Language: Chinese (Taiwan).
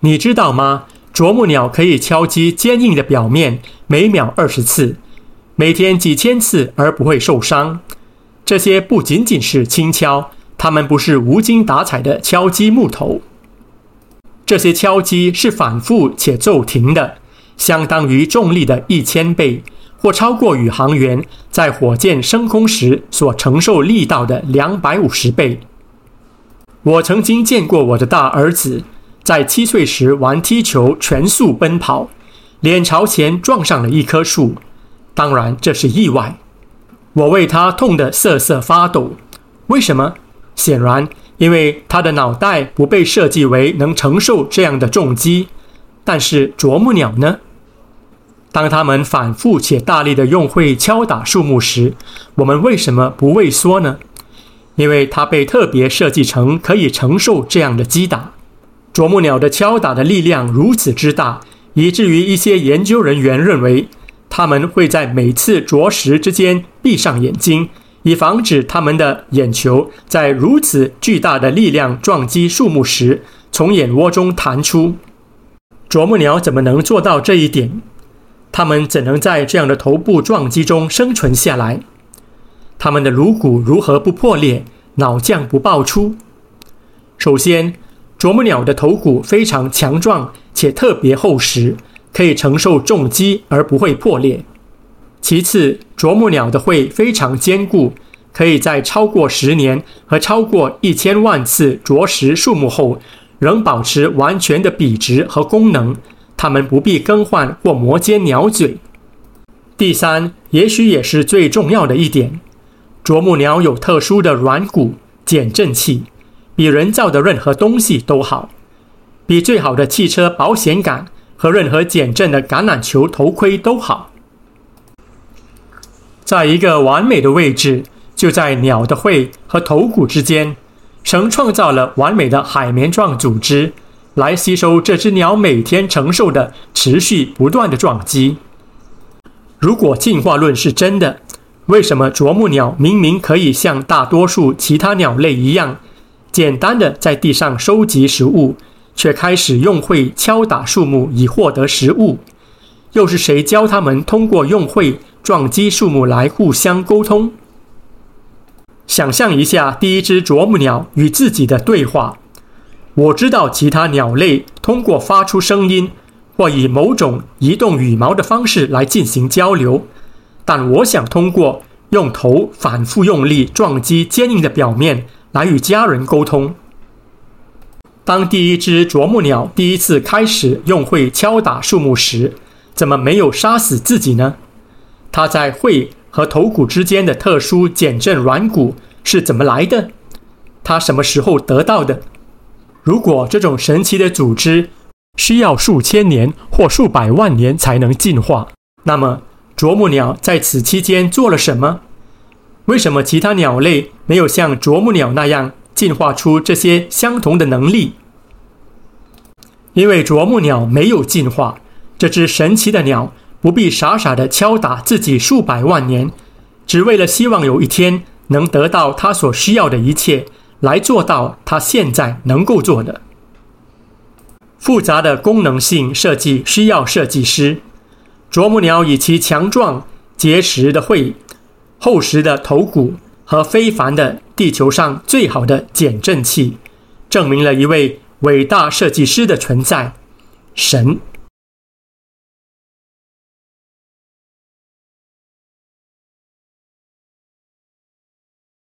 你知道嗎？啄木鳥可以敲擊堅硬的表面每秒二十次，每天幾千次而不會受傷。這些不僅僅是輕敲，它們不是無精打采的敲擊木頭。這些敲擊是反復且驟停的，相當於重力的一千倍，或超過宇航員在火箭升空時所承受力道的兩百五十倍。我曾經見過我的大兒子，在七歲時玩踢球，全速奔跑，臉朝前撞上了一棵樹。當然，這是意外。我為他痛得瑟瑟發抖。為什麼？顯然，因為他的腦袋不被設計為能承受這樣的重擊。但是啄木鳥呢？當他們反復且大力地用喙敲打樹木時，我們為什麼不畏縮呢？因為它被特別設計成可以承受這樣的擊打。啄木鳥的敲打的力量如此之大，以至於一些研究人員認為，它們會在每次啄食之間閉上眼睛，以防止它們的眼球在如此巨大的力量撞擊樹木時從眼窩中彈出。啄木鳥怎麼能做到這一點？它們怎能在這樣的頭部撞擊中生存下來？它們的顱骨如何不破裂，腦漿不爆出？首先，啄木鳥的頭骨非常強壯且特別厚實，可以承受重擊而不會破裂。其次，啄木鳥的喙非常堅固，可以在超過十年和超過一千萬次啄食樹木後仍保持完全的筆直和功能。它們不必更換或磨尖鳥嘴。第三，也許也是最重要的一點，啄木鳥有特殊的軟骨減震器。比人造的任何東西都好，比最好的汽車保險桿和任何減震的橄欖球頭盔都好。在一個完美的位置，就在鳥的喙和頭骨之間，神創造了完美的海綿狀組織，來吸收這隻鳥每天承受的持續不斷的撞擊。如果進化論是真的，為什麼啄木鳥明明可以像大多數其他鳥類一樣？簡單的在地上收集食物，卻開始用喙敲打樹木以獲得食物。又是誰教他們通過用喙撞擊樹木來互相溝通？想象一下，第一隻啄木鳥與自己的對話：“我知道其他鳥類通過發出聲音或以某種移動羽毛的方式來進行交流，但我想通過用頭反復用力撞擊堅硬的表面。”來與家人溝通。當第一隻啄木鳥第一次開始用喙敲打樹木時，怎麼沒有殺死自己呢？它在喙和頭骨之間的特殊減震軟骨是怎麼來的？它什麼時候得到的？如果這種神奇的組織需要數千年或數百萬年才能進化，那麼啄木鳥在此期間做了什麼？為什麼其他鳥類沒有像啄木鳥那樣進化出這些相同的能力？因為啄木鳥沒有進化，這只神奇的鳥不必傻傻地敲打自己數百萬年，只為了希望有一天能得到它所需要的一切，來做到它現在能夠做的。複雜的功能性設計需要設計師。啄木鳥以其強壯、結實的喙，厚實的頭骨和非凡的地球上最好的減震器，證明了一位偉大設計師的存在——神。